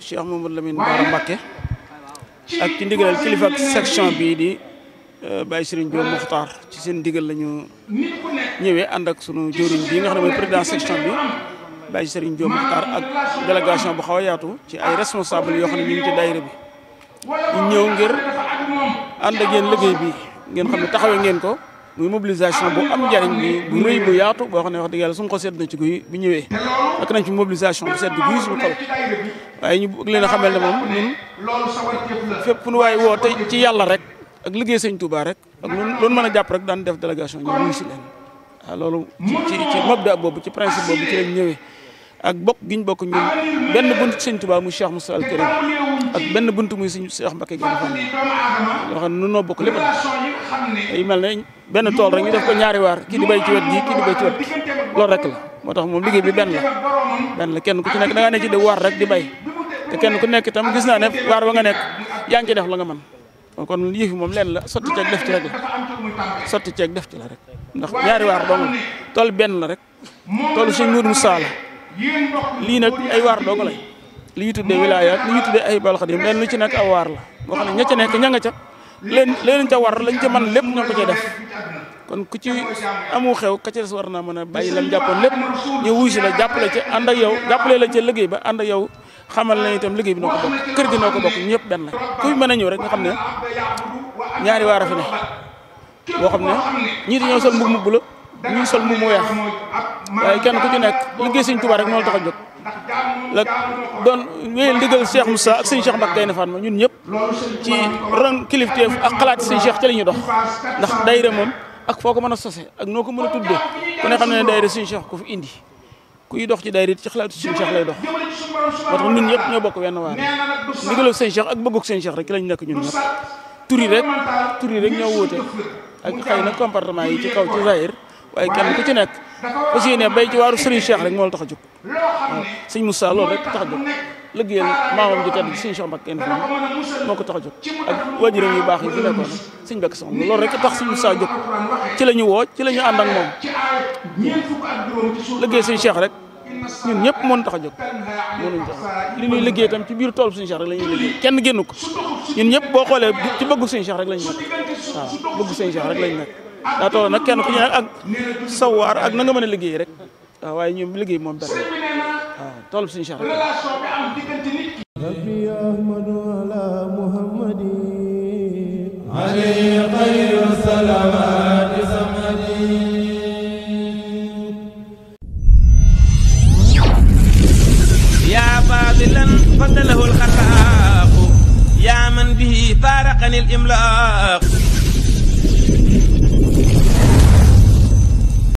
Cheikh Mamadou Lamine Bara Mbacké ak ci ndigalal kilifa section bii di euh, Baye Serigne Diop Muxtaar ci seen ndigal lañu ñëwee ànd ak sunu jëwriñ bii nga xam ne président section bi Baye Serigne Diop Muxtaar ak délégation bu xaw a yaatu ci ay responsable yoo xam ne ñu ngi ci daayira bi ñëw ngir ànd ak yéen liggéey bi ngeen xam ne taxawee ngeen ko muy mobilisation bu am njariñ bi bu rëy bu yaatu boo xam ne wax dëgg yàlla suñu ko seet na ci guy bi ñëwee ak nañ ci mobilisation bu seet bi guy suñu xol waaye ñu bëgg leen a xamal ne moom ñun fépp nu waaye woo te ci yàlla rek ak liggéey sëñ Touba rek ak loolu ma a jàpp rek daan def délégation ñu wuyu si leen waaw loolu ci ci mabda boobu ci principe boobu ci lañ ñëwee ak bokk giñ bokk ñun benn bunt sëñ Touba muy mu Moussa al Karim ak benn buntu mu sëñ Cheikh Mbacké Gaïndé Fatma loo xam ne nun noo bokk lépp day mel ne benn tool rek ñu def ko ñaari waar kii di bay ci wet gi kii di bay ci wet loolu rek la moo tax moom bi benn la benn la kenn ku ci nekk da nga ne ci di waar rek di bay te kenn ku nekk itam gis naa ne waar ba nga nekk yaa ngi ci def la nga mën kon yëf moom leen la sotti ceeg def ci rek la sotti ceeg def ci la rek ndax ñaari waar dong tool benn la rek toolu sëñ Mourou Moussa la lii nag ay waar dong lay li ñu tuddee wilaaya li ñu tuddee ay balxadim leen lu ci nekk aw waar la boo xam ne ña ca nekk ca leen leen ca war lañ ca man lépp ñoo ko cay def kon ku ci amu xew ka ca war naa mën a bàyyi lam jàppoon lépp ñu wuy si la jàppale ca ànd ak yow jàppale la ca liggéey ba ànd ak yow xamal na itam liggéey bi noo ko bokk kër gi noo ko bokk ñëpp benn la kuy mën a ñëw rek nga xam ne ñaari waar a fi ne boo xam ne ñii ñoo sol mbub mu bula ñii sol mbub mu weex waaye kenn ku ci nekk liggéey Sëñ Tuubaa rek moo la tax a jóg la doon wéyal ndigal Cheikh Moussa ak sëñ Cheikh Mbacke Gaïndé Fatma ñun ñëpp ci ron kilifteef ak xalaat sëñ Cheikh ca la ñuy dox ndax dayre moom ak foo ko mën a sose ak noo ko mën a tuddee ku ne xam ne dayre sëñ Cheikh ku fi indi kuy dox ci dayre ci xalaatu sëñ Cheikh lay dox moo tax ñun ñëpp ñoo bokk wenn waar ndigalu sëñ Cheikh ak bëgguk sëñ Cheikh rek ki nekk ñun ñëpp turi rek turi rek ñoo wuute ak xëy na comportement yi ci kaw ci zahir waaye kenn ku ci nekk fas yéene bay ci waaru Serigne Cheikh rek moo la tax a jóg sëñ Moussa loolu rek tax a jóg liggéeyal maamam ji tedd sëñ Cheikh kenn moo ko tax a jóg ak waajuram yu baax yi fi nekkoon sëñ Mbacké Soxna loolu rek tax sëñ Moussa jóg ci la ñu woo ci la ñu ànd ak moom liggéey sëñ Cheikh rek ñun ñëpp moon tax a jóg mënuñ tax li ñuy liggéey itam ci biir tool suñu Cheikh rek kenn génn ko ñun ñëpp boo xoolee ci bëggu suñu Cheikh rek la ñu nekk waaw bëggu suñu rek la ñu nekk daa toll nag kenn ku ñu ak sawaar ak na nga mën a liggéey rek waaw waaye ñoom liggéey moom benn waaw toll suñu Cheikh rek فدله الخطاق يا من به فارقني الإملاق